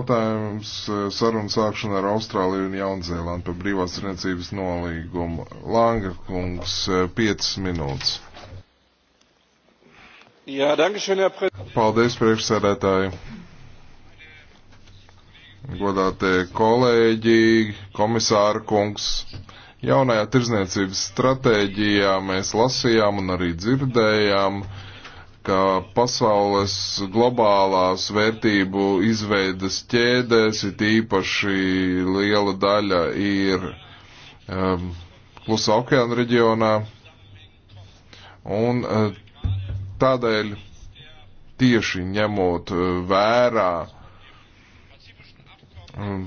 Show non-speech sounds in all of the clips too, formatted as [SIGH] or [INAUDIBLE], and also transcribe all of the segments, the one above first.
Jautājums eh, sarunu sākšana ar Austrāliju un Jaunzēlandu par brīvās rīniecības nolīgumu. Langa kungs, 5 eh, minūtes. Jā, dankšen, jā, pre... Paldies, priekšsēdētāji. Godātie kolēģi, komisāra kungs. Jaunajā tirzniecības stratēģijā mēs lasījām un arī dzirdējām. Uh, ka pasaules globālās vērtību izveidas ķēdēs ir īpaši liela daļa ir um, Klusa okeāna reģionā. Un uh, tādēļ tieši ņemot uh, vērā um,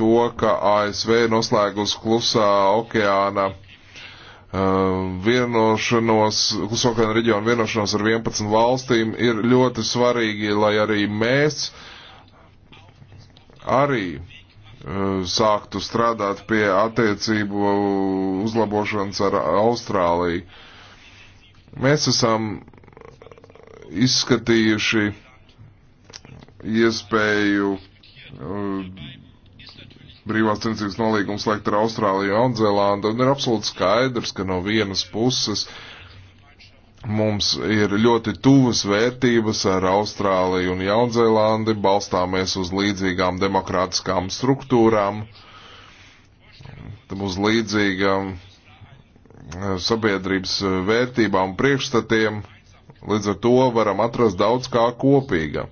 to, ka ASV noslēgus Klusā okeāna Ehm, vienošanos, Kusokana reģiona vienošanos ar 11 valstīm ir ļoti svarīgi, lai arī mēs arī ehm, sāktu strādāt pie attiecību uzlabošanas ar Austrāliju. Mēs esam izskatījuši iespēju ehm, brīvās tirdzniecības nolīgums slēgt ar Austrāliju un Jaunzēlandu, un ir absolūti skaidrs, ka no vienas puses mums ir ļoti tuvas vērtības ar Austrāliju un Jaunzēlandi, balstāmies uz līdzīgām demokrātiskām struktūrām, uz līdzīgām eh, sabiedrības vērtībām un priekšstatiem, līdz ar to varam atrast daudz kā kopīga.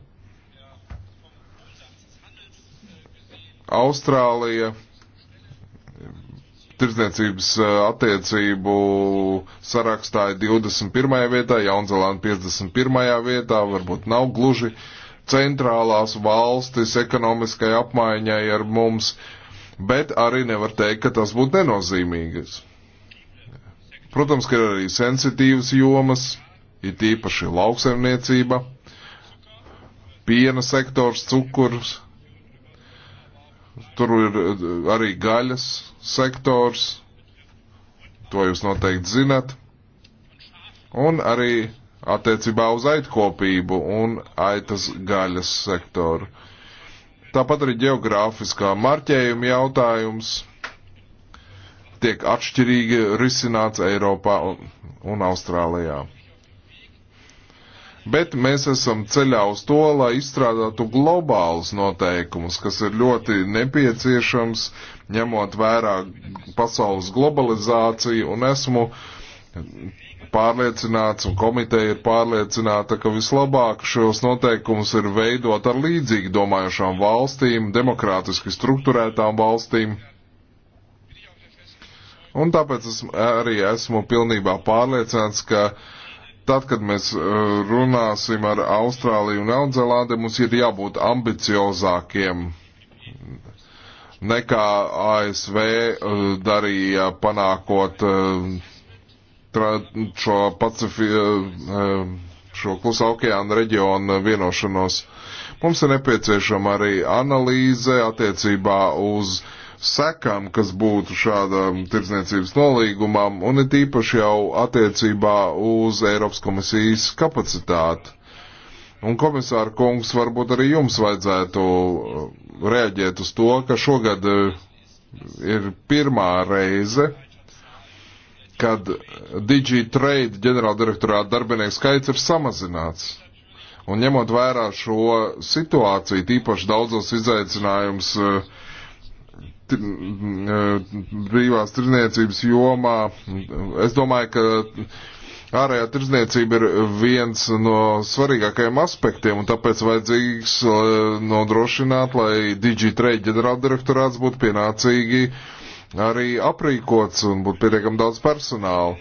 Austrālija tirdzniecības e, attiecību sarakstā ir 21. vietā, Jaunzēlāna 51. vietā, varbūt nav gluži centrālās valstis ekonomiskai apmaiņai ar mums, bet arī nevar teikt, ka tas būtu nenozīmīgas. Protams, ka ir arī sensitīvas jomas, ir tīpaši lauksaimniecība, piena sektors, cukurs, Tur ir eh, arī gaļas sektors, to jūs noteikti zinat. Un arī attiecībā uz aitkopību un aitas gaļas sektoru. Tāpat arī geogrāfiskā marķējuma jautājums tiek atšķirīgi risināts Eiropā un Austrālijā bet mēs esam ceļā uz to, lai izstrādātu globālus noteikumus, kas ir ļoti nepieciešams, ņemot vērā pasaules globalizāciju, un esmu pārliecināts, un komiteja ir pārliecināta, ka vislabāk šos noteikumus ir veidot ar līdzīgi domājošām valstīm, demokrātiski strukturētām valstīm. Un tāpēc es arī esmu pilnībā pārliecināts, ka uh, Tad, kad mēs uh, runāsim ar Austrāliju un Jaunzēlandi, mums ir jābūt ambiciozākiem nekā ASV uh, darīja panākot uh, tra, šo, pacifi, šo klusā okeāna reģiona vienošanos. Mums ir nepieciešama arī analīze attiecībā uz uh, sekām, kas būtu šādam tirdzniecības nolīgumam, un it īpaši jau attiecībā uz Eiropas komisijas kapacitāti. Un komisāra kungs, varbūt arī jums vajadzētu uh, reaģēt uz to, ka šogad uh, ir pirmā reize, kad DigiTrade ģenerāldirektorāta darbinieku skaits ir samazināts. Un ņemot vērā šo situāciju, tīpaši daudzos izaicinājumus uh, brīvās tirzniecības jomā. Es domāju, ka ārējā tirzniecība ir viens no svarīgākajiem aspektiem, un tāpēc vajadzīgs nodrošināt, lai Digitrade ģenerāldirektorāts būtu pienācīgi arī aprīkots un būtu pietiekami daudz personāla.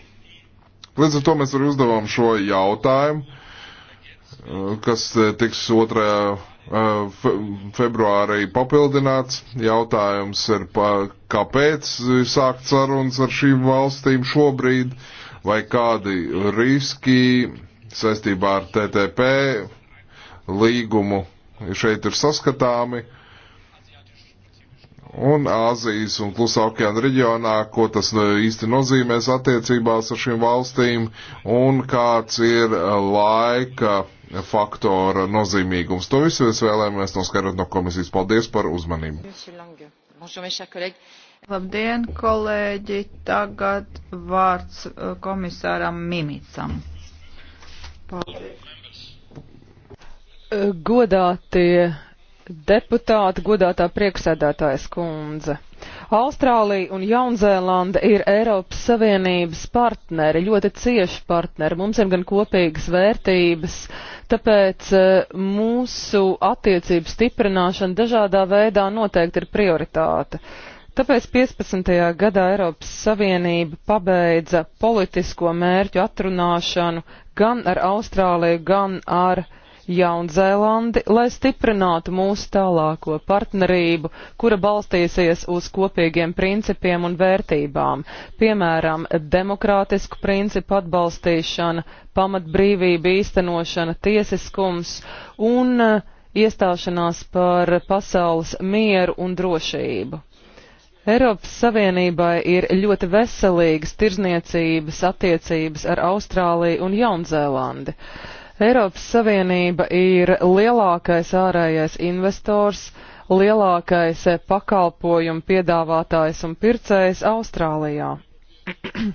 Līdz ar to mēs arī uzdevām šo jautājumu, kas tiks otrajā Eh, februārī papildināts. Jautājums ir, kāpēc sākt sarunas ar šīm valstīm šobrīd, vai kādi riski saistībā ar TTP līgumu šeit ir saskatāmi. Un Āzijas un Klusā okeāna reģionā, ko tas īsti nozīmēs attiecībās ar šīm valstīm un kāds ir laika faktora nozīmīgums. To visu es vēlējos noskaidrot no komisijas. Paldies par uzmanību. Labdien, kolēģi! Tagad vārds uh, komisāram Mimicam. Paldies. Godātie deputāti, godātā prieksēdētājas kundze. Austrālija un Jaunzēlanda ir Eiropas Savienības partneri, ļoti cieši partneri. Mums ir gan kopīgas vērtības, tāpēc e, mūsu attiecību stiprināšana dažādā veidā noteikti ir prioritāte. Tāpēc 15. gadā Eiropas Savienība pabeidza politisko mērķu atrunāšanu gan ar Austrāliju, gan ar Austrāliju Jaunzēlandi, lai stiprinātu mūsu tālāko partnerību, kura balstīsies uz kopīgiem principiem un vērtībām, piemēram, demokrātisku principu atbalstīšana, pamatbrīvība īstenošana, tiesiskums un eh, iestāšanās par pasaules mieru un drošību. Eiropas Savienībai ir ļoti veselīgas tirzniecības attiecības ar Austrāliju un Jaunzēlandi. Eiropas Savienība ir lielākais ārējais investors, lielākais pakalpojumu piedāvātājs un pircējs Austrālijā. [CLEARS THROAT]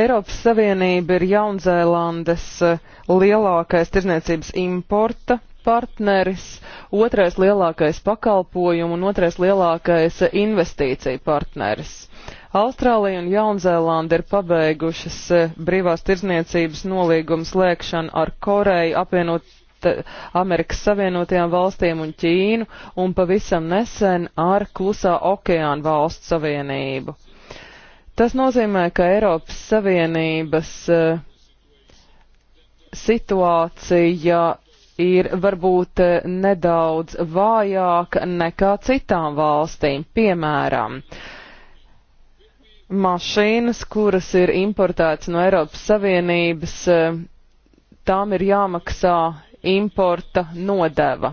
Eiropas Savienība ir Jaunzēlandes lielākais tirzniecības importa partneris, otrais lielākais pakalpojumu un otrais lielākais investīcija partneris. Austrālija un Jaunzēlanda ir pabeigušas e, brīvās tirzniecības nolīgumu slēgšanu ar Koreju, apvienot e, Amerikas Savienotajām valstīm un Ķīnu, un pavisam nesen ar Klusā okeāna valstu savienību. Tas nozīmē, ka Eiropas Savienības e, situācija ir varbūt nedaudz vājāka nekā citām valstīm, piemēram, uh, mašīnas, kuras ir importētas no Eiropas Savienības, e, tām ir jāmaksā importa nodeva.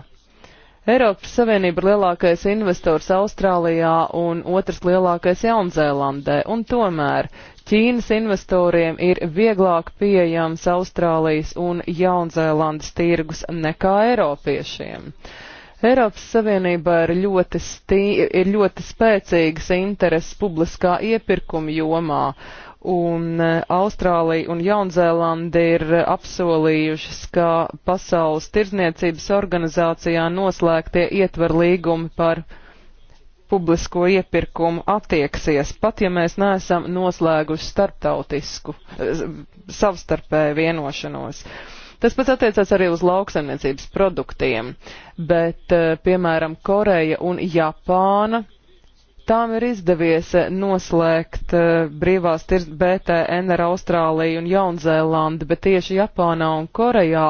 Eiropas Savienība ir lielākais investors Austrālijā un otrs lielākais Jaunzēlandē, un tomēr Ķīnas investoriem ir vieglāk pieejams Austrālijas un Jaunzēlandes tirgus nekā Eiropiešiem. Uh, Eiropas Savienībā ir ļoti, stī, ir ļoti spēcīgas intereses publiskā iepirkuma jomā, un e, Austrālija un Jaunzēlanda ir apsolījušas, ka Pasaules tirzniecības organizācijā noslēgtie ietver līgumi par publisko iepirkumu attieksies, pat ja mēs neesam noslēguši starptautisku e, savstarpēju vienošanos. Uh, Tas pats attiecās arī uz lauksaimniecības produktiem, bet, eh, piemēram, Koreja un Japāna. Tām ir izdevies eh, noslēgt eh, brīvās tirs BTN ar Austrāliju un Jaunzēlandi, bet tieši Japānā un Korejā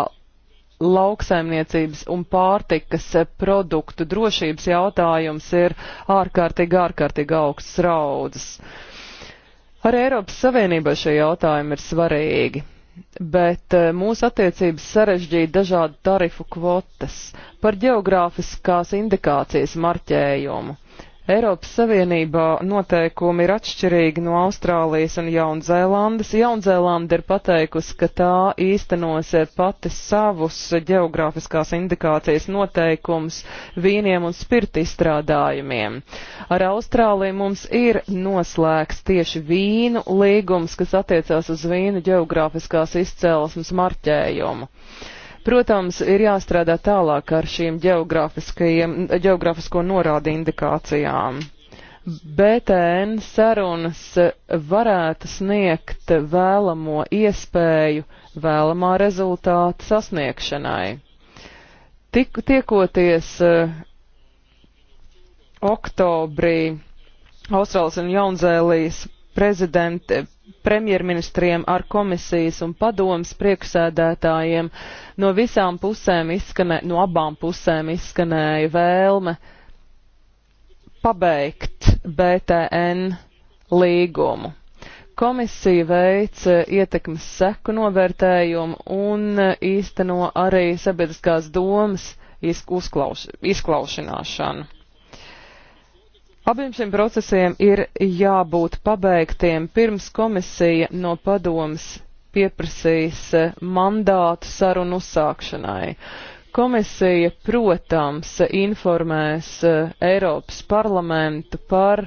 lauksaimniecības un pārtikas produktu drošības jautājums ir ārkārtīgi, ārkārtīgi augsts raudzes. Arī Eiropas Savienībai šie jautājumi ir svarīgi bet eh, mūsu attiecības sarežģīja dažādu tarifu kvotas par geogrāfiskās indikācijas marķējumu. Eiropas Savienībā noteikumi ir atšķirīgi no Austrālijas un Jaunzēlandes. Jaunzēlanda ir pateikusi, ka tā īstenos pati savus geogrāfiskās indikācijas noteikums vīniem un spirti izstrādājumiem. Ar Austrāliju mums ir noslēgts tieši vīnu līgums, kas attiecās uz vīnu geogrāfiskās izcēlesmes marķējumu. Protams, ir jāstrādā tālāk ar šīm geogrāfisko norādi indikācijām. BTN sarunas varētu sniegt vēlamo iespēju vēlamā rezultāta sasniegšanai. Tik, tiekoties uh, oktobrī Austrālijas un Jaunzēlijas premjerministriem ar komisijas un padomas priekšsēdētājiem no visām pusēm izskanēja, no abām pusēm izskanēja vēlme pabeigt BTN līgumu. Komisija veic ietekmes seku novērtējumu un īsteno arī sabiedriskās domas izklauš, izklaušanāšanu. Abiem šiem procesiem ir jābūt pabeigtiem pirms komisija no padomas pieprasīs eh, mandātu sarunu uzsākšanai. Komisija, protams, informēs eh, Eiropas parlamentu par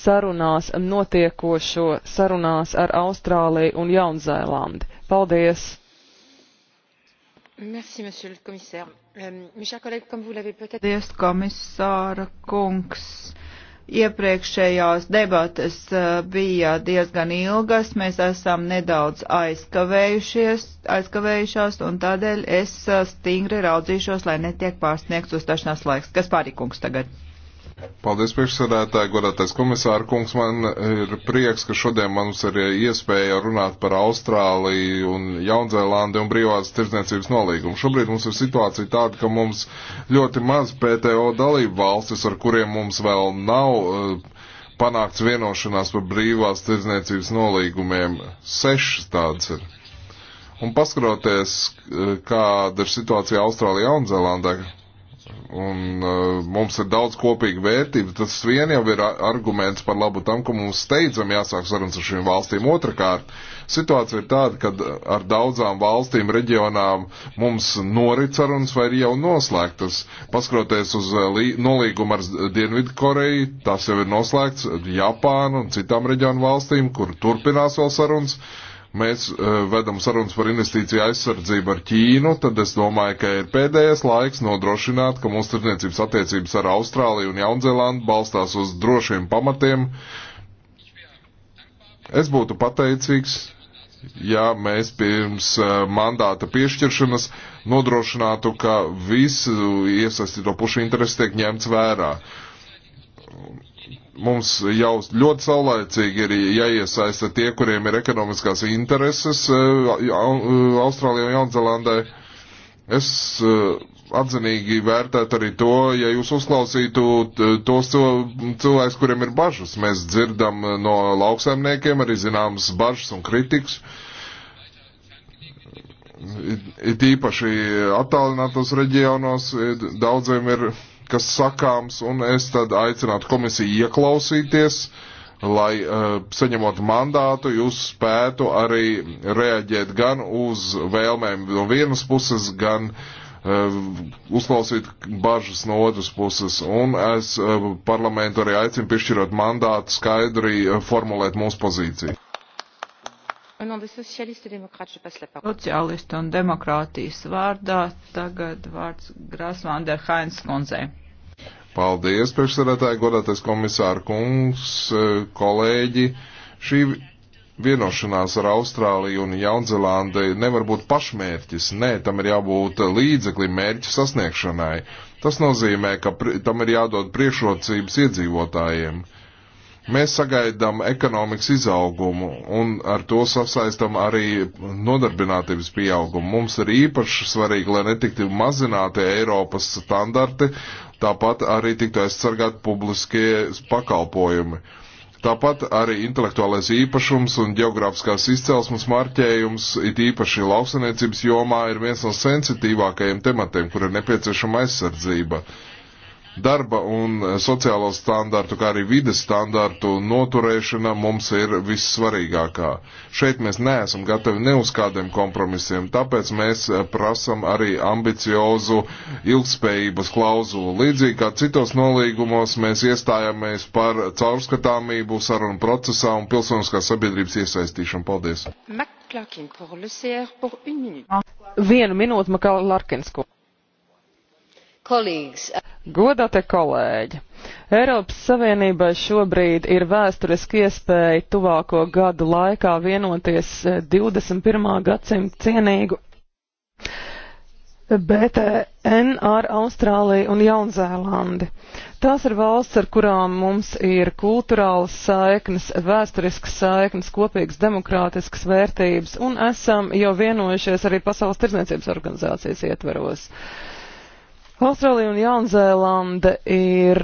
sarunās notiekošo sarunās ar Austrāliju un Jaunzēlandi. Paldies! Merci, monsieur le commissaire. Euh, mes chers collègues, comme vous l'avez peut-être... Paldies, komisāra kungs. Iepriekšējās debates uh, bija diezgan ilgas, mēs esam nedaudz aizkavējušās, un tādēļ es uh, stingri raudzīšos, lai netiek pārsniegts uzstāšanās laiks. Kas pārīkums tagad? Paldies, priekšsēdētāji, godātais komisāra kungs. Man ir prieks, ka šodien mums ir iespēja runāt par Austrāliju un Jaunzēlandi un brīvās tirdzniecības nolīgumu. Šobrīd mums ir situācija tāda, ka mums ļoti maz PTO dalību valstis, ar kuriem mums vēl nav uh, panākts vienošanās par brīvās tirdzniecības nolīgumiem. Sešas tādas ir. Un paskatoties, eh, kāda ir situācija Austrālijā un Jaunzēlandē, un uh, mums ir daudz kopīga vērtība. Tas vien jau ir arguments par labu tam, ka mums steidzam jāsāk sarunas ar šīm valstīm. Otrakārt, situācija ir tāda, ka ar daudzām valstīm, reģionām mums norit sarunas vai ir jau noslēgtas. Paskroties uz uh, nolīgumu ar Dienvidu Koreju, tas jau ir noslēgts Japānu un citām reģionu valstīm, kur turpinās vēl sarunas. Uh, mēs eh, vedam sarunas par investīciju aizsardzību ar Ķīnu, tad es domāju, ka ir pēdējais laiks nodrošināt, ka mūsu tirdzniecības attiecības ar Austrāliju un Jaunzēlandu balstās uz drošiem pamatiem. Es būtu pateicīgs, ja mēs pirms eh, mandāta piešķiršanas nodrošinātu, ka visu iesaistīto pušu interesi tiek ņemts vērā mums jau ļoti saulēcīgi ir jāiesaista tie, kuriem ir ekonomiskās intereses eh, eh, Austrālijai un Jaunzēlandai. Es eh, atzinīgi vērtētu arī to, ja jūs uzklausītu tos cilvēkus, kuriem ir bažas. Mēs dzirdam no lauksaimniekiem arī zināmas bažas un kritikas. It īpaši attālinātos reģionos daudziem ir kas sakāms, un es tad aicinātu komisiju ieklausīties, lai eh, saņemot mandātu, jūs spētu arī reaģēt gan uz vēlmēm no vienas puses, gan eh, uzklausīt bažas no otras puses. Un es eh, parlamentu arī aicinu piešķirot mandātu skaidri formulēt mūsu pozīciju. Sociālistu un demokrātijas vārdā tagad vārds Grasvander Hainz kundzei. Paldies, priekšsēdētāji, godātais komisāra kungs, kolēģi. Šī vienošanās ar Austrāliju un Jaunzelandi nevar būt pašmērķis. Nē, tam ir jābūt līdzekli mērķu sasniegšanai. Tas nozīmē, ka tam ir jādod priekšrocības iedzīvotājiem Mēs sagaidām ekonomikas izaugumu un ar to sasaistam arī nodarbinātības pieaugumu. Mums ir īpaši svarīgi, lai netiktu mazināti Eiropas standarti, tāpat arī tiktu aizsargāt publiskie pakalpojumi. Tāpat arī intelektuālais īpašums un geogrāfiskās izcelsmes marķējums, it īpaši lauksaniecības jomā, ir viens no sensitīvākajiem tematiem, kur ir nepieciešama aizsardzība. Uh, darba un e, sociālo standārtu, kā arī vides standārtu noturēšana mums ir vissvarīgākā. Šeit mēs neesam gatavi ne uz kādiem kompromisiem, tāpēc mēs e, prasam arī ambiciozu ilgspējības klauzulu. Līdzīgi kā citos nolīgumos mēs iestājāmies par caurskatāmību sarunu procesā un pilsoniskās sabiedrības iesaistīšanu. Paldies! Vienu minūti, Makala Larkinsko. Uh, Godāte kolēģi! Eiropas Savienībai šobrīd ir vēsturiski iespēja tuvāko gadu laikā vienoties 21. Eh, gadsimta cienīgu BTN ar Austrāliju un Jaunzēlandi. Tās ir valsts, ar kurām mums ir kulturāls saiknes, vēsturisks saiknes, kopīgas demokrātiskas vērtības, un esam jau vienojušies arī Pasaules tirdzniecības organizācijas ietveros. Uh, Austrālija un Jaunzēlande ir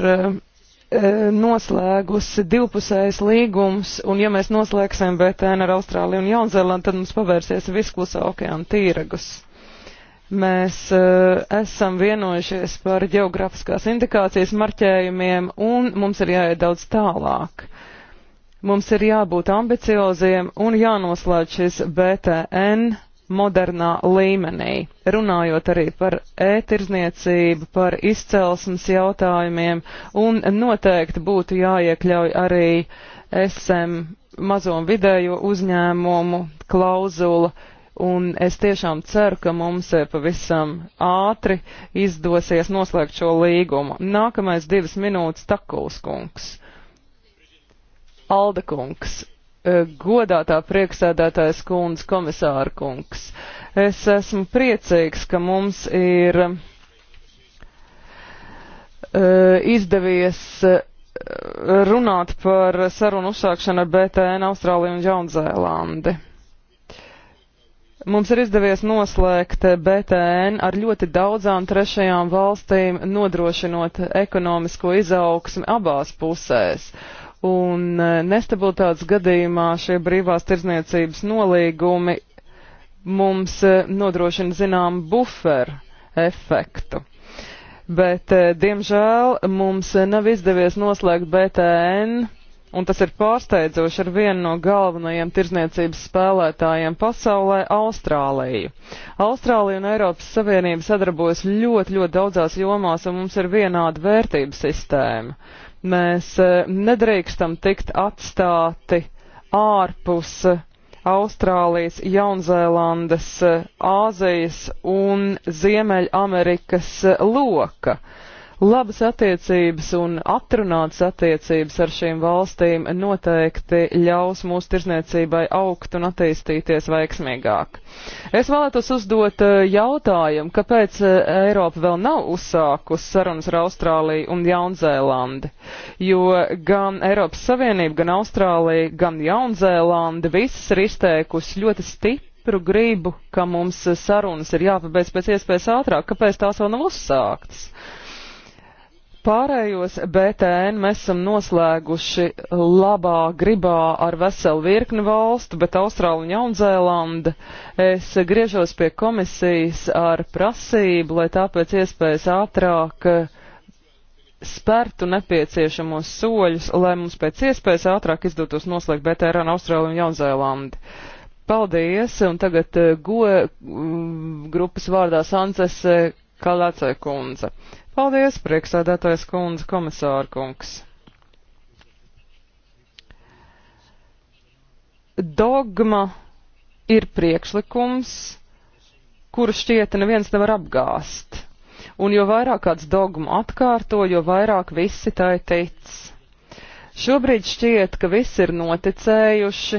e, noslēgusi divpusējs līgums, un ja mēs noslēgsim BTN ar Austrāliju un Jaunzēlandi, tad mums pavērsies visklusa okeāna tīragus. Mēs e, esam vienojušies par geogrāfiskās indikācijas marķējumiem, un mums ir jāiet daudz tālāk. Mums ir jābūt ambicioziem un jānoslēdz šis BTN modernā līmenī, runājot arī par ētirzniecību, e par izcelsmes jautājumiem, un noteikti būtu jāiekļauj arī SM mazo un vidējo uzņēmumu klauzula, un es tiešām ceru, ka mums e pavisam ātri izdosies noslēgt šo līgumu. Nākamais divas minūtes Takuls kungs. Alda kungs, Eh, godātā prieksēdētājs kundz komisāra kungs. Es esmu priecīgs, ka mums ir uh, izdevies eh, runāt par sarunu uzsākšanu ar BTN Austrāliju un Jaunzēlandi. Mums ir izdevies noslēgt BTN ar ļoti daudzām trešajām valstīm, nodrošinot ekonomisko izaugsmi abās pusēs. Uh, un e, nestabilitātes gadījumā šie brīvās tirzniecības nolīgumi mums e, nodrošina zinām buferu efektu. Bet, e, diemžēl, mums nav izdevies noslēgt BTN, un tas ir pārsteidzoši ar vienu no galvenajiem tirzniecības spēlētājiem pasaulē - Austrāliju. Austrālija un Eiropas Savienība sadarbojas ļoti, ļoti daudzās jomās, un mums ir vienāda vērtības sistēma. Mēs e, nedrīkstam tikt atstāti ārpus e, Austrālijas, Jaunzēlandes, e, Āzijas un Ziemeļamerikas loka. Uh, labas attiecības un atrunātas attiecības ar šīm valstīm noteikti ļaus mūsu tirzniecībai augt un attīstīties veiksmīgāk. Es vēlētos uzdot eh, jautājumu, kāpēc eh, Eiropa vēl nav uzsākusi sarunas ar Austrāliju un Jaunzēlandi, jo gan Eiropas Savienība, gan Austrālija, gan Jaunzēlandi visas ir izteikusi ļoti stipru gribu, ka mums eh, sarunas ir jāpabeidz pēc iespējas ātrāk, kāpēc tās vēl nav uzsāktas. Pārējos BTN mēs esam noslēguši labā gribā ar veselu virkni valstu, bet Austrāla un Jaunzēlanda es griežos pie komisijas ar prasību, lai tāpēc iespējas ātrāk spērtu nepieciešamos soļus, lai mums pēc iespējas ātrāk izdotos noslēgt BTN Austrālu un Jaunzēlandi. Paldies, un tagad eh, go e, mm, grupas vārdā Sances Kalacē kundze. Paldies, prieksēdētājs kundze, komisāra kungs. Dogma ir priekšlikums, kuru šķiet neviens nevar apgāst. Un jo vairāk kāds dogmu atkārto, jo vairāk visi tai tic. Šobrīd šķiet, ka visi ir noticējuši,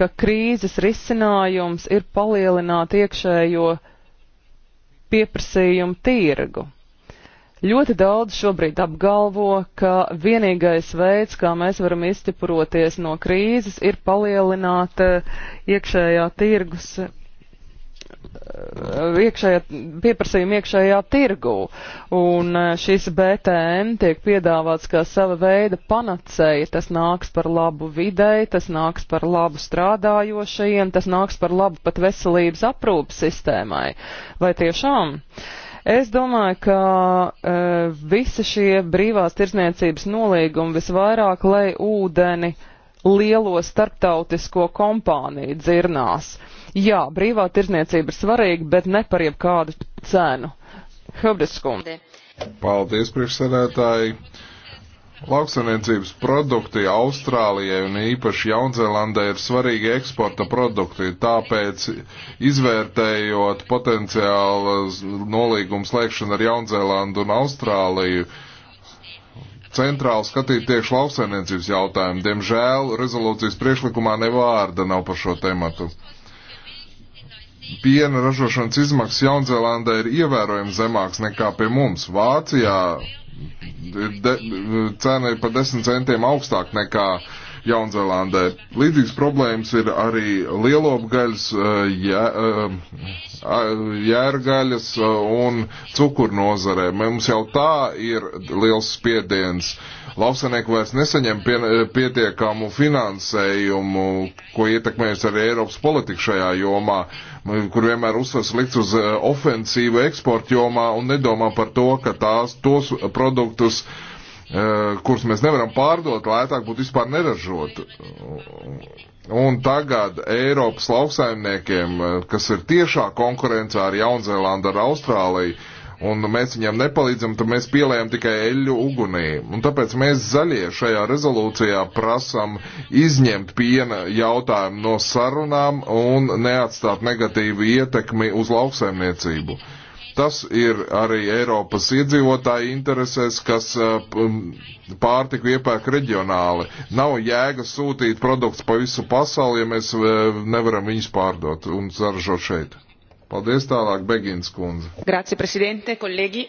ka krīzes risinājums ir palielināt iekšējo pieprasījumu tirgu. Ļoti daudz šobrīd apgalvo, ka vienīgais veids, kā mēs varam izķepuroties no krīzes, ir palielināt eh, iekšējā tirgus Uh, iekšējā, pieprasījuma iekšējā tirgū. Un uh, šis BTN tiek piedāvāts kā sava veida panacēja. Tas nāks par labu videi, tas nāks par labu strādājošajiem, tas nāks par labu pat veselības aprūpas sistēmai. Vai tiešām? Es domāju, ka e, visi šie brīvās tirsniecības nolīgumi visvairāk lai ūdeni lielo starptautisko kompāniju dzirnās. E, Jā, brīvā tirzniecība ir svarīga, bet ne par jebkādu cenu. Hubdiskum. Paldies, priekšsēdētāji. Lauksaimniecības produkti Austrālijai un īpaši Jaunzēlandai ir svarīgi eksporta produkti, tāpēc izvērtējot potenciālu nolīgumu slēgšanu ar Jaunzēlandu un Austrāliju, centrāli skatīt tieši lauksaimniecības jautājumu. Diemžēl rezolūcijas priekšlikumā ne vārda nav par šo tematu piena ražošanas izmaksas Jaunzēlandē ir ievērojami zemāks nekā pie mums. Vācijā de, cena ir par 10 centiem augstāk nekā uh, Jaunzēlandē. Līdzīgas problēmas ir arī lielopgaļas, jē, jērgaļas un cukurnozarē. Mums jau tā ir liels spiediens. Lauksanieku vairs nesaņem pie, pietiekamu finansējumu, ko ietekmējas arī Eiropas politika šajā jomā, kur vienmēr uzsvers likts uz ofensīvu eksportu jomā un nedomā par to, ka tās, tos produktus, uh, Eh, kurus mēs nevaram pārdot, lētāk būtu vispār neražot. Un tagad Eiropas lauksaimniekiem, eh, kas ir tiešā konkurence ar Jaunzēlandu, ar Austrāliju, un mēs viņam nepalīdzam, tad mēs pielējam tikai eļu ugunī. Un tāpēc mēs zaļie šajā rezolūcijā prasam izņemt piena jautājumu no sarunām un neatstāt negatīvu ietekmi uz lauksaimniecību. Uh, Tas ir arī Eiropas iedzīvotāji interesēs, kas eh, um, pārtiku iepērk reģionāli. Nav jēga sūtīt produktus pa visu pasauli, ja mēs eh, nevaram viņus pārdot un saražot šeit. Paldies tālāk, Begins kundze. Grazie, prezidente, kolēģi.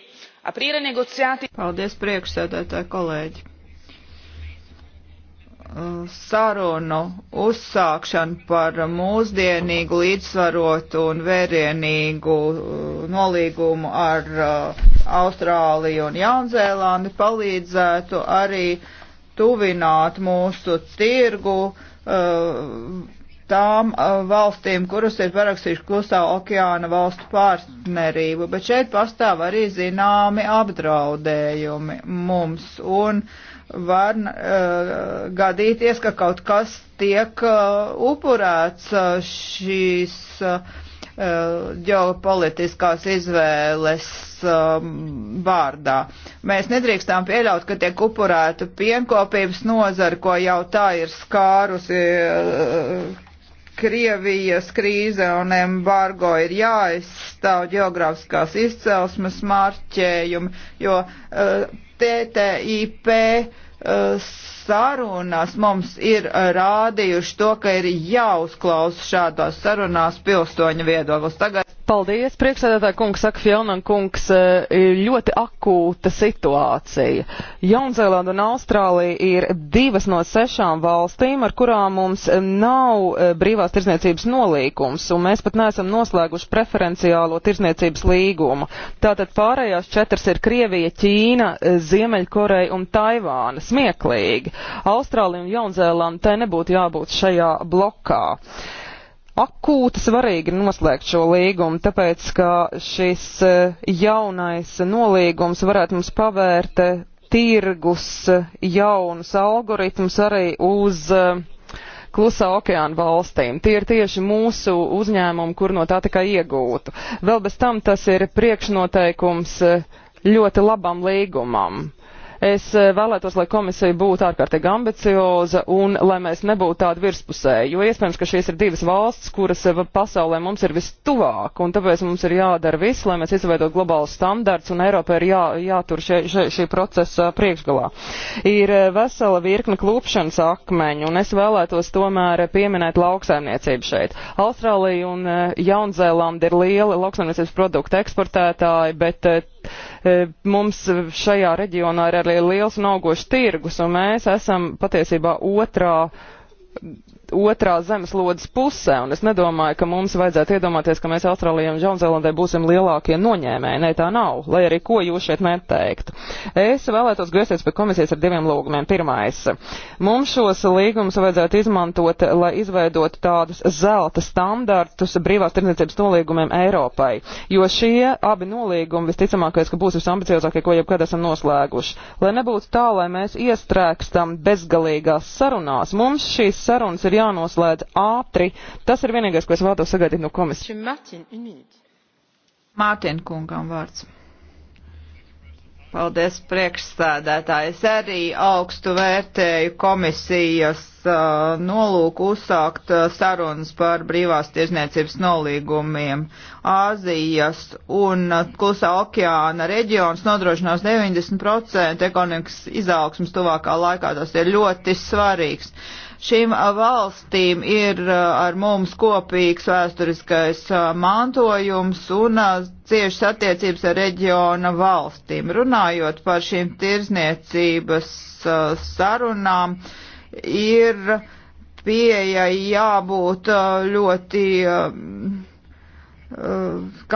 Aprīra negociāti. Paldies, priekšsēdētāji, kolēģi sarunu uzsākšanu par mūsdienīgu, līdzsvarotu un vērienīgu uh, nolīgumu ar uh, Austrāliju un Jaunzēlandi palīdzētu arī tuvināt mūsu tirgu uh, tām valstīm, kuras ir parakstījuši klusā okeāna valstu partnerību, bet šeit pastāv arī zināmi apdraudējumi mums un uh, var uh, gadīties, ka kaut kas tiek uh, upurēts uh, šīs uh, uh ģeopolitiskās izvēles um, vārdā. Mēs nedrīkstām pieļaut, ka tiek upurēta pienkopības nozara, ko jau tā ir skārusi uh, Krievijas krīze un embargo ir jāizstāv geogrāfiskās izcelsmes marķējumi, jo uh, eh, TTIP uh, eh, sarunās mums ir rādījuši to, ka ir jāuzklaus šādās sarunās pilsoņu viedoklis. Tagad Paldies, priekšsēdētāji kungs, saka Fjelnan kungs, eh, ļoti akūta situācija. Jaunzēlanda un Austrālija ir divas no sešām valstīm, ar kurām mums nav eh, brīvās tirzniecības nolīkums, un mēs pat neesam noslēguši preferenciālo tirzniecības līgumu. Tātad pārējās četras ir Krievija, Ķīna, eh, Ziemeļkoreja un Taivāna. Smieklīgi. Austrālija un Jaunzēlanda tai nebūtu jābūt šajā blokā. Uh, akūti svarīgi noslēgt šo līgumu, tāpēc, ka šis e, jaunais nolīgums varētu mums pavērt e, tirgus e, jaunus algoritmus arī uz klusā okeāna valstīm. Tie ir tieši mūsu uzņēmumi, kur no tā tikai iegūtu. Vēl bez tam tas ir priekšnoteikums ļoti labam līgumam. Es eh, vēlētos, lai komisija būtu ārkārtīgi ambicioza un lai mēs nebūtu tādi virspusēji, jo iespējams, ka šīs ir divas valsts, kuras eh, pasaulē mums ir vistuvāk, un tāpēc mums ir jādara viss, lai mēs izveidot globālus standarts, un Eiropa ir jā, jātur šie, šie, šī procesa eh, priekšgalā. Ir vesela virkne klūpšanas akmeņu, un es vēlētos tomēr pieminēt lauksaimniecību šeit. Austrālija un Jaunzēlanda ir liela lauksaimniecības produkta eksportētāji, bet E, mums šajā reģionā ir arī liels un augošs tirgus, un mēs esam patiesībā otrā otrā zemeslodes pusē, un es nedomāju, ka mums vajadzētu iedomāties, ka mēs Austrālijai un Jaunzēlandē būsim lielākie noņēmēji. Nē, tā nav, lai arī ko jūs šeit neteiktu. Es vēlētos griezties pie komisijas ar diviem lūgumiem. Pirmais, mums šos līgumus vajadzētu izmantot, lai izveidotu tādus zelta standartus brīvās tirdzniecības nolīgumiem Eiropai, jo šie abi nolīgumi visticamākais, ka būs visambiciozākie, ko jebkad esam noslēguši. Lai nebūtu tā, lai mēs iestrēgstam bezgalīgās sarunās, mums šīs sarunas ir jā jānoslēdz ātri. Tas ir vienīgais, ko es vēlētos sagaidīt no komisijas. Mārtiņa kungam vārds. Paldies priekšstādētāji. Es arī augstu vērtēju komisijas uh, nolūku uzsākt uh, sarunas par brīvās tiesniecības nolīgumiem. Āzijas un uh, Klusā okeāna reģions nodrošinās 90% ekonomikas izaugsmas tuvākā laikā. Tas ir ļoti svarīgs. Uh, Šīm valstīm ir ar mums kopīgs vēsturiskais mantojums un ciešas attiecības ar reģiona valstīm. Runājot par šīm tirzniecības sarunām, ir pieejai jābūt ļoti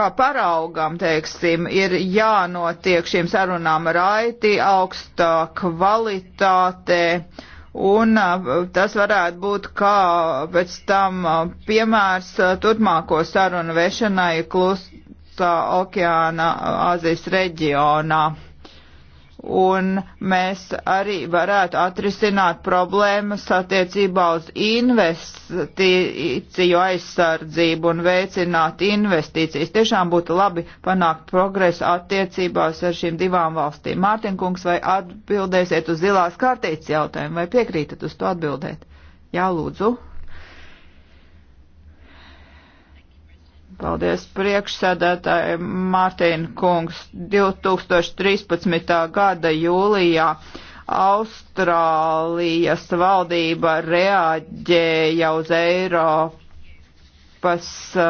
kā paraugam, teiksim, ir jānotiek šīm sarunām raiti, augstā kvalitātē Un tas varētu būt kā pēc tam piemērs turpmāko sarunu vešanai klusā okeāna Azijas reģionā un mēs arī varētu atrisināt problēmas attiecībā uz investīciju aizsardzību un veicināt investīcijas. Tiešām būtu labi panākt progresu attiecībās ar šīm divām valstīm. Mārtiņkungs, vai atbildēsiet uz zilās kārtītes jautājumu, vai piekrītat uz to atbildēt? Jā, lūdzu. Paldies priekšsēdētāji Mārtiņa kungs. 2013. gada jūlijā Austrālijas valdība reaģēja uz Eiropas uh,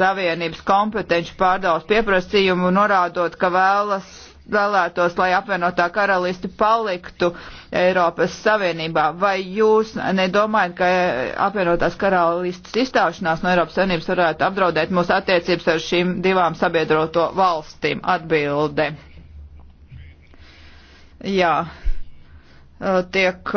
Savienības kompetenci pārdevas pieprasījumu, norādot, ka vēlas vēlētos, lai apvienotā karalisti paliktu Eiropas Savienībā. Vai jūs nedomājat, ka apvienotās karalistas izstāšanās no Eiropas Savienības varētu apdraudēt mūsu attiecības ar šīm divām sabiedroto valstīm? Atbilde. Jā, tiek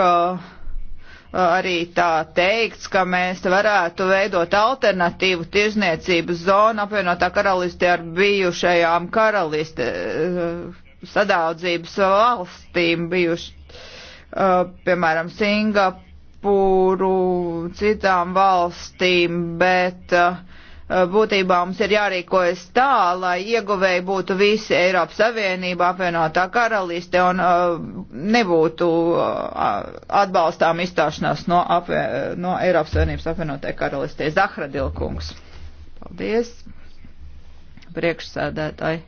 arī tā teikts, ka mēs varētu veidot alternatīvu tirzniecības zonu apvienotā karalistē ar bijušajām karaliste, sadaudzības valstīm bijuši, uh, piemēram, Singapūru, citām valstīm, bet uh, būtībā mums ir jārīkojas tā, lai ieguvēji būtu visi Eiropas Savienība, apvienotā karaliste un uh, nebūtu uh, atbalstām izstāšanās no, apvie, no Eiropas Savienības apvienotā karalistē. Zahradilkungs. Paldies. Priekšsēdētāji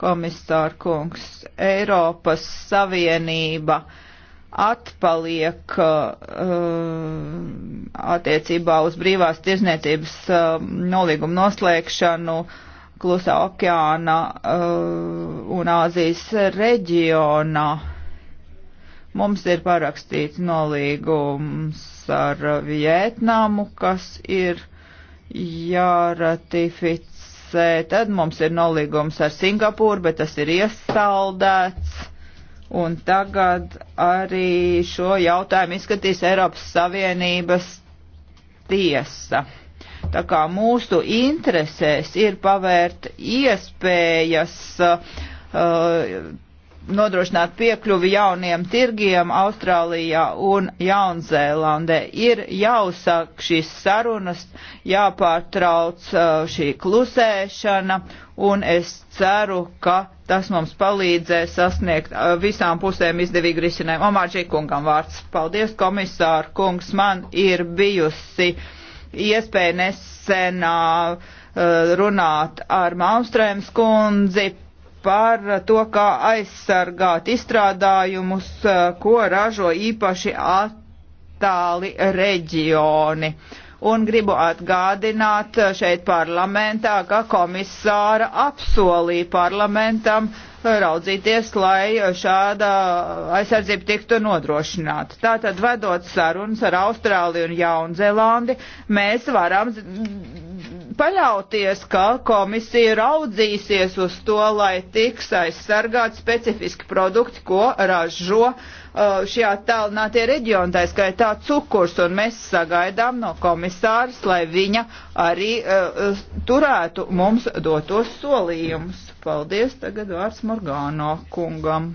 komisāra kungs. Eiropas Savienība atpaliek uh, attiecībā uz brīvās tirzniecības uh, nolīgumu noslēgšanu Klusā okeāna uh, un Āzijas reģionā. Mums ir parakstīts nolīgums ar Vietnamu, kas ir jāratificē jāfinansē. Tad mums ir nolīgums ar Singapūru, bet tas ir iesaldēts. Un tagad arī šo jautājumu izskatīs Eiropas Savienības tiesa. Tā kā mūsu interesēs ir pavērt iespējas uh, nodrošināt piekļuvi jauniem tirgiem Austrālijā un Jaunzēlandē. Ir jāuzsāk šīs sarunas, jāpārtrauc uh, šī klusēšana, un es ceru, ka tas mums palīdzēs sasniegt uh, visām pusēm izdevīgu risinājumu. Omārģī kungam vārds. Paldies, komisāra kungs, man ir bijusi iespēja nesenā uh, runāt ar Maustrēms kundzi par to, kā aizsargāt izstrādājumus, eh, ko ražo īpaši attāli reģioni. Un gribu atgādināt šeit parlamentā, ka komisāra apsolīja parlamentam raudzīties, lai šāda aizsardzība tiktu nodrošināta. Tātad, vedot sarunas ar Austrāliju un Jaunzēlandi, mēs varam paļauties, ka komisija raudzīsies uz to, lai tiks aizsargāti specifiski produkti, ko ražo uh, šie attālinātie reģioni, tā skaitā cukurs, un mēs sagaidām no komisāras, lai viņa arī uh, turētu mums dotos solījumus. Paldies, tagad vārds Morgāno kungam.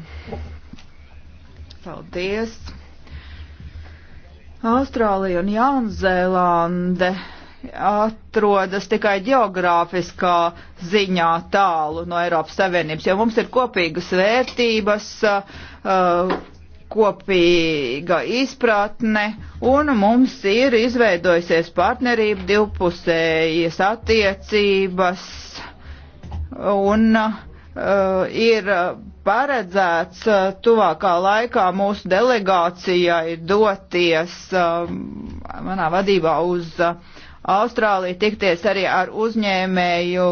Paldies. Austrālija un Jaunzēlande atrodas tikai geogrāfiskā ziņā tālu no Eiropas Savienības, jo mums ir kopīgas vērtības, uh, kopīga izpratne, un mums ir izveidojusies partnerība, divpusējas attiecības, un uh, ir paredzēts uh, tuvākā laikā mūsu delegācijai doties um, manā vadībā uz uh, Austrāliju tikties arī ar uzņēmēju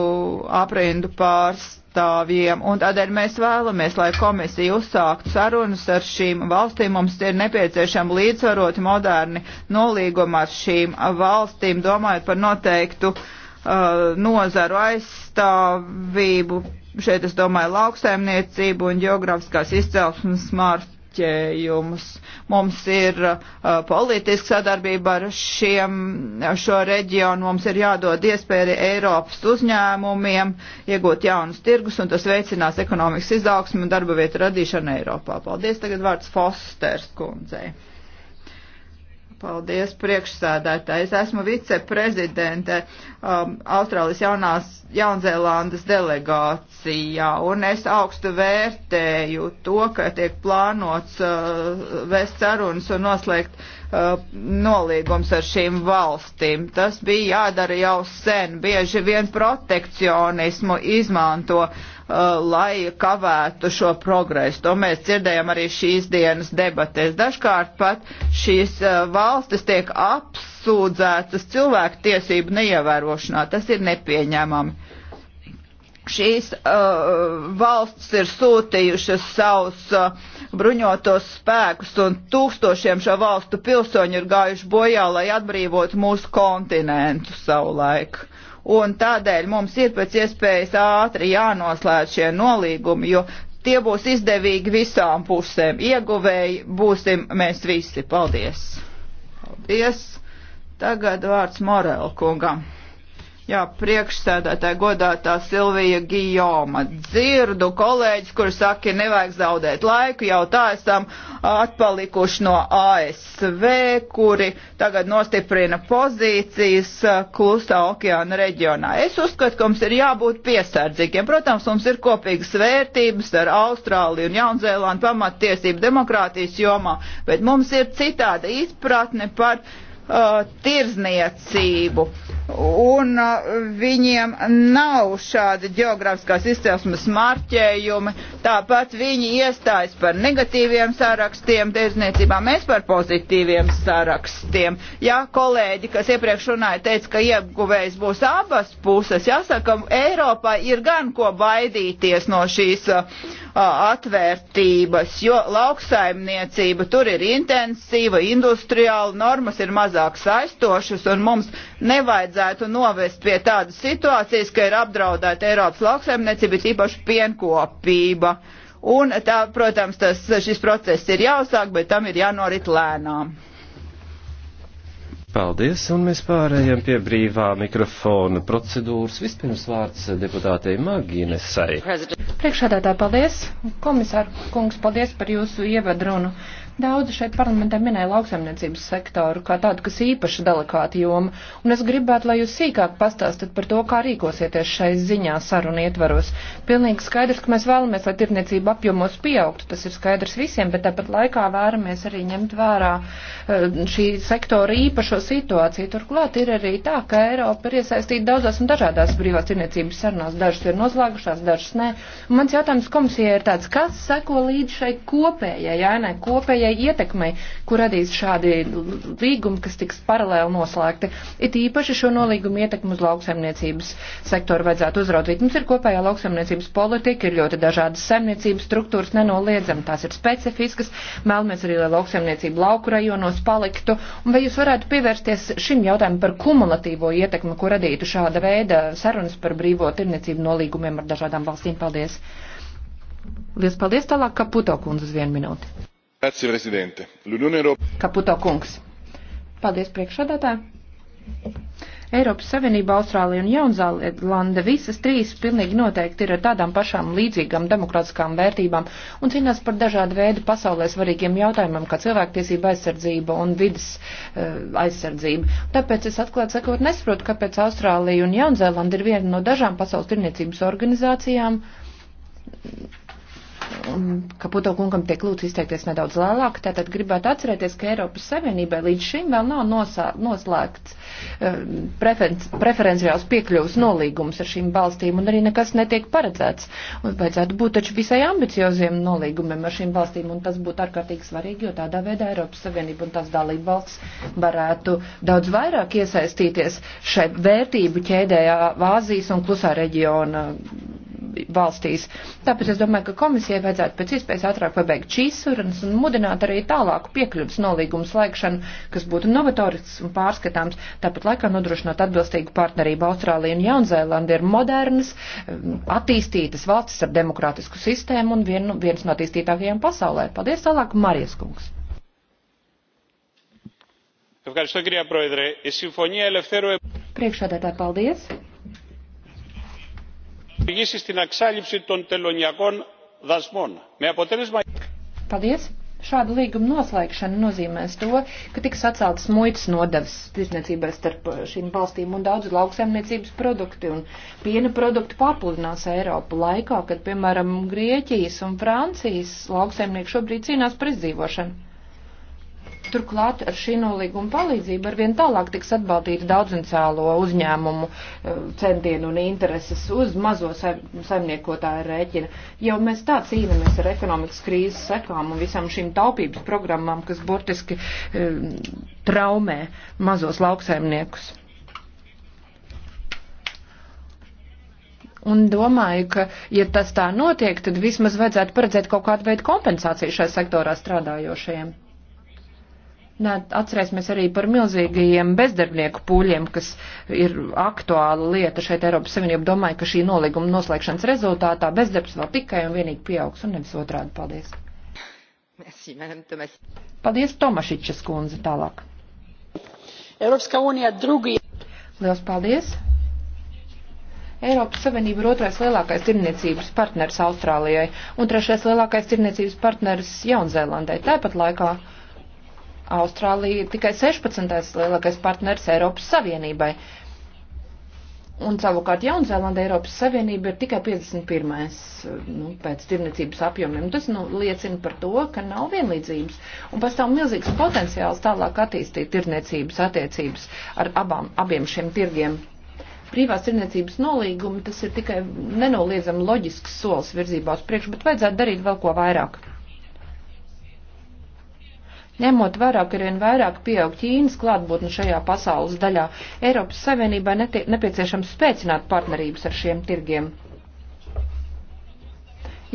aprindu pārstāvjiem, un tādēļ mēs vēlamies, lai komisija uzsāktu sarunas ar šīm valstīm. Mums ir nepieciešama līdzsvaroti moderni nolīguma ar šīm valstīm, domājot par noteiktu uh, nozaru aizstāvību. Šeit es domāju lauksaimniecību un geogrāfiskās izcelsmes smart bloķējumus. Mums ir uh, politiska sadarbība ar šiem, ar šo reģionu, mums ir jādod iespēja arī Eiropas uzņēmumiem iegūt jaunus tirgus, un tas veicinās ekonomikas izaugsmu un darba vietu radīšanu Eiropā. Paldies, tagad vārds Fosters kundzei. Paldies, priekšsādātājs. Esmu viceprezidente um, Austrālijas jaunās Jaunzēlandes delegācijā, un es augstu vērtēju to, ka tiek plānots uh, vēst sarunas un noslēgt uh, Uh, nolīgums ar šīm valstīm. Tas bija jādara jau sen. Bieži vien protekcionismu izmanto, uh, lai kavētu šo progresu. To mēs dzirdējam arī šīs dienas debatēs. Dažkārt pat šīs uh, valstis tiek apsūdzētas cilvēku tiesību neievērošanā. Tas ir nepieņemami šīs uh, valsts ir sūtījušas savus uh, bruņotos spēkus, un tūkstošiem šo valstu pilsoņu ir gājuši bojā, lai atbrīvotu mūsu kontinentu savulaik. Un tādēļ mums ir pēc iespējas ātri jānoslēdz šie nolīgumi, jo tie būs izdevīgi visām pusēm. Ieguvēji būsim mēs visi. Paldies! Paldies! Tagad vārds Morel kungam. Jā, priekšsēdētāji godātā Silvija Gijoma. Dzirdu kolēģis, kur saka, nevajag zaudēt laiku, jau tā esam atpalikuši no ASV, kuri tagad nostiprina pozīcijas uh, klusā okeāna reģionā. Es uzskatu, ka mums ir jābūt piesardzīgiem. Protams, mums ir kopīgas vērtības ar Austrāliju un Jaunzēlandu pamattiesību demokrātijas jomā, bet mums ir citāda izpratne par uh, tirzniecību. Uh, un uh, viņiem nav šāda geogrāfiskās izcelsmes marķējumi. Tāpat viņi iestājas par negatīviem sarakstiem tirzniecībā, mēs par pozitīviem sarakstiem. Ja kolēģi, kas iepriekš runāja, teica, ka ieguvējs būs abas puses, jāsaka, Eiropā ir gan ko baidīties no šīs uh, uh atvērtības, jo lauksaimniecība tur ir intensīva, industriāla, normas ir mazāk saistošas un mums nevajadzētu nedrīkstētu novest pie tādas situācijas, ka ir apdraudēta Eiropas lauksaimniecība, bet īpaši pienkopība. Un tā, protams, tas, šis process ir jāuzsāk, bet tam ir jānorit lēnām. Paldies, un mēs pārējām pie brīvā mikrofona procedūras. Vispirms vārds deputātei Magīnesai. Priekšādātāji, paldies. Komisār kungs, paldies par jūsu ievadrunu. Daudz šeit parlamentā minēja lauksaimniecības sektoru kā tādu, kas īpaši delikāta joma, un es gribētu, lai jūs sīkāk pastāstat par to, kā rīkosieties šai ziņā sarunu ietvaros. Pilnīgi skaidrs, ka mēs vēlamies, lai tirniecība apjomos pieaugtu, tas ir skaidrs visiem, bet tāpat laikā vēramies arī ņemt vērā eh, šī sektora īpašo situāciju. Turklāt ir arī tā, ka Eiropa ir iesaistīta daudzās un dažādās brīvās tirniecības sarunās, dažas ir noslēgušās, dažas nē. Un mans jautājums komisijai ir tāds, kas seko līdz šai kopējai, ja ne kopējai negatīvajai ietekmei, kur radīs šādi līgumi, kas tiks paralēli noslēgti. It īpaši šo nolīgumu ietekmu uz lauksaimniecības sektoru vajadzētu uzraudzīt. Mums ir kopējā lauksaimniecības politika, ir ļoti dažādas saimniecības struktūras, nenoliedzam, tās ir specifiskas. Mēlamies arī, lai lauksaimniecība lauku rajonos paliktu. Un vai jūs varētu pievērsties šim jautājumam par kumulatīvo ietekmi, ko radītu šāda veida sarunas par brīvo tirniecību nolīgumiem ar dažādām valstīm? Paldies! Liels paldies tālāk, ka puto kundze uz vienu minūti. Kaputo kungs. Paldies priekšsādātāji. Eiropas Savienība, Austrālija un Jaunzēlanda visas trīs pilnīgi noteikti ir ar tādām pašām līdzīgām demokrātiskām vērtībām un cīnās par dažādu veidu pasaulē svarīgiem jautājumiem, kā cilvēktiesība aizsardzība un vidas uh, aizsardzība. Tāpēc es atklāt sakot nesaprotu, kāpēc Austrālija un Jaunzēlanda ir viena no dažām pasaules tirniecības organizācijām ka Puto kungam tiek lūdzu izteikties nedaudz lēlāk, tātad gribētu atcerēties, ka Eiropas Savienībai līdz šim vēl nav nosā, noslēgts eh, preferenci, preferenciāls piekļuvs nolīgums ar šīm valstīm, un arī nekas netiek paredzēts. Un vajadzētu būt taču visai ambicioziem nolīgumiem ar šīm valstīm, un tas būtu ārkārtīgi svarīgi, jo tādā veidā Eiropas Savienība un tās dalība valsts varētu daudz vairāk iesaistīties šai vērtību ķēdējā Vāzijas un klusā reģiona valstīs. Tāpēc es domāju, ka komisijai vajadzētu pēc iespējas ātrāk pabeigt šīs sarunas un mudināt arī tālāku piekļuvas nolīgumu slēgšanu, kas būtu novatorisks un pārskatāms, tāpat laikā nodrošināt atbilstīgu partnerību. Austrālija un Jaunzēlanda ir modernas, um, attīstītas valstis ar demokrātisku sistēmu un vien, viens no attīstītākajiem pasaulē. Paldies tālāk, Marijas kungs. Priekšādētāji, paldies! Paldies! Šāda līguma noslēgšana nozīmēs to, ka tiks atceltas muitas nodevas tirsniecībai starp šīm valstīm un daudz lauksaimniecības produkti un piena produkti pārpludinās Eiropu laikā, kad, piemēram, Grieķijas un Francijas lauksaimnieki šobrīd cīnās par izdzīvošanu. Turklāt ar šī nolīguma palīdzību arvien tālāk tiks atbalstīta daudzencēlo uzņēmumu eh, centienu un intereses uz mazo saimniekotāju rēķina. Jau mēs tā cīnāmies ar ekonomikas krīzes sekām un visam šīm taupības programmām, kas burtiski eh, traumē mazos lauksaimniekus. Un domāju, ka, ja tas tā notiek, tad vismaz vajadzētu paredzēt kaut kādu veidu kompensāciju šai sektorā strādājošajiem. Nē, atcerēsimies arī par milzīgajiem bezdarbnieku pūļiem, kas ir aktuāla lieta šeit Eiropas Savienība. Domāju, ka šī nolīguma noslēgšanas rezultātā bezdarbs vēl tikai un vienīgi pieaugs un nevis otrādi. Paldies. Merci, Tomas. Paldies, Tomašičas kundze, tālāk. Eiropska unija drugi. Liels paldies. Eiropas Savienība ir otrais lielākais tirniecības partners Austrālijai un trešais lielākais tirniecības partners Jaunzēlandai. Tāpat laikā Austrālija ir tikai 16. lielākais partners Eiropas Savienībai. Un savukārt Jaunzēlanda Eiropas Savienība ir tikai 51. Nu, pēc tirniecības apjomiem. Tas nu, liecina par to, ka nav vienlīdzības un pastāv milzīgs potenciāls tālāk attīstīt tirniecības attiecības ar abām, abiem šiem tirgiem. Privās tirniecības nolīgumi tas ir tikai nenoliedzami loģisks solis virzībā uz priekšu, bet vajadzētu darīt vēl ko vairāk. Ņemot vērā, ka arvien vairāk pieaug Ķīnas klātbūtne šajā pasaules daļā, Eiropas Savienībai nepieciešams spēcināt partnerības ar šiem tirgiem.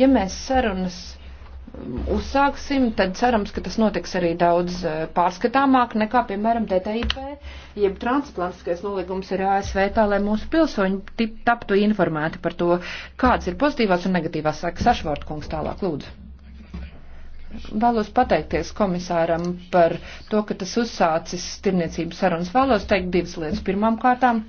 Ja mēs sarunas mm, uzsāksim, tad cerams, ka tas notiks arī daudz eh, pārskatāmāk nekā, piemēram, TTIP, jeb transatlantiskais nolīgums ar ASV, tā lai mūsu pilsoņi taptu informēti par to, kādas ir pozitīvās un negatīvās sakas. Sašvārtkungs tālāk, lūdzu. Vēlos pateikties komisāram par to, ka tas uzsācis tirniecības sarunas. Vēlos teikt divas lietas. Pirmām kārtām.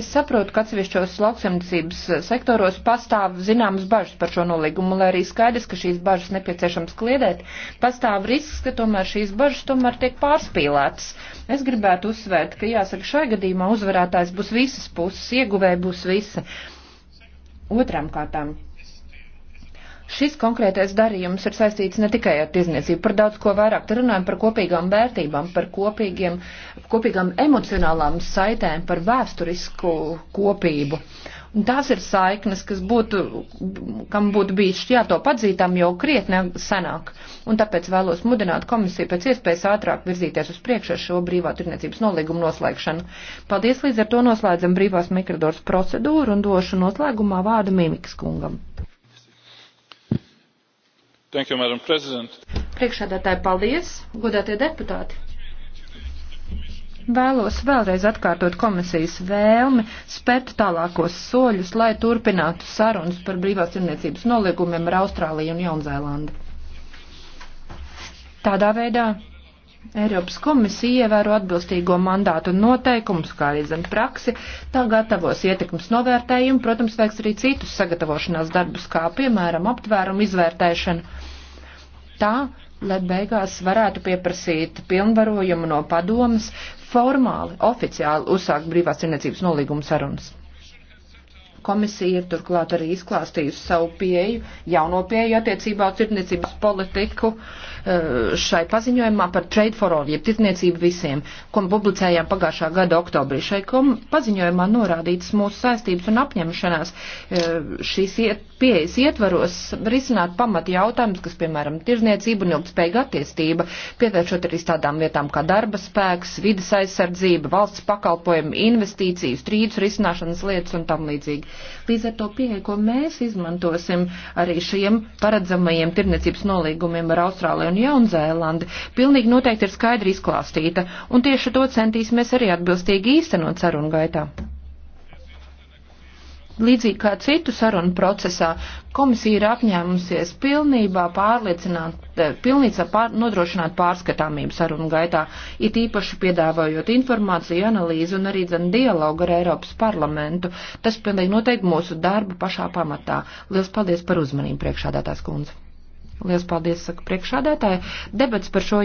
Es saprotu, ka atsevišķos lauksaimniecības sektoros pastāv zināmas bažas par šo nolīgumu, lai arī skaidrs, ka šīs bažas nepieciešams kliedēt, pastāv risks, ka tomēr šīs bažas tomēr tiek pārspīlētas. Es gribētu uzsvērt, ka jāsaka, šai gadījumā uzvarētājs būs visas puses, ieguvēja būs visa. Otram kārtām Šis konkrētais darījums ir saistīts ne tikai ar tirzniecību, par daudz ko vairāk. Te runājam par kopīgām vērtībām, par kopīgiem, kopīgām emocionālām saitēm, par vēsturisku kopību. Un tās ir saiknes, kas būtu, kam būtu bijis jāto padzītām jau krietni senāk. Un tāpēc vēlos mudināt komisiju pēc iespējas ātrāk virzīties uz priekšu ar šo brīvā tirniecības nolīgumu noslēgšanu. Paldies, līdz ar to noslēdzam brīvās mikrodors procedūru un došu noslēgumā vārdu Mimikas kungam. Thank you, Madam President. Priekšādātāji, paldies, godātie deputāti. Vēlos vēlreiz atkārtot komisijas vēlmi spēt tālākos soļus, lai turpinātu sarunas par brīvās tirniecības noliegumiem ar Austrāliju un Jaunzēlandi. Tādā veidā Eiropas komisija ievēro atbilstīgo mandātu un noteikumus, kā arī zem praksi, tā gatavos ietekmes novērtējumu, protams, veiks arī citus sagatavošanās darbus, kā piemēram aptvērumu izvērtēšanu. Tā, lai beigās varētu pieprasīt pilnvarojumu no padomas formāli, oficiāli uzsākt brīvās cilvēcības nolīgumu sarunas. Komisija ir turklāt arī izklāstījusi savu pieeju, jauno pieeju attiecībā uz tirdzniecības politiku eh, šai paziņojumā par Trade for All, jeb tirdzniecību visiem, ko publicējām pagājušā gada oktobrī. Šai paziņojumā norādītas mūsu saistības un apņemšanās eh, šīs iet, pieejas ietvaros risināt pamat jautājumus, kas, piemēram, tirdzniecība un ilgspējīga attīstība, pievēršot arī tādām lietām kā darba spēks, vidas aizsardzība, valsts pakalpojumi, investīcijas, strīdus risināšanas lietas un tam līdzīgi. Līdz ar to pieeja, ko mēs izmantosim arī šiem paredzamajiem tirniecības nolīgumiem ar Austrāliju un Jaunzēlandi, pilnīgi noteikti ir skaidri izklāstīta, un tieši to centīsimies arī atbilstīgi īstenot sarunu gaitā. Līdzīgi kā citu sarunu procesā, komisija ir apņēmusies pilnībā pārliecināt, eh, pilnībā pār, nodrošināt pārskatāmību sarunu gaitā, it īpaši piedāvājot informāciju, analīzi un arī dzen dialogu ar Eiropas parlamentu. Tas pilnīgi noteikti mūsu darbu pašā pamatā. Lielas paldies par uzmanību priekšādātās kundze. Lielas paldies, saka priekšādātāja. Debats par šo.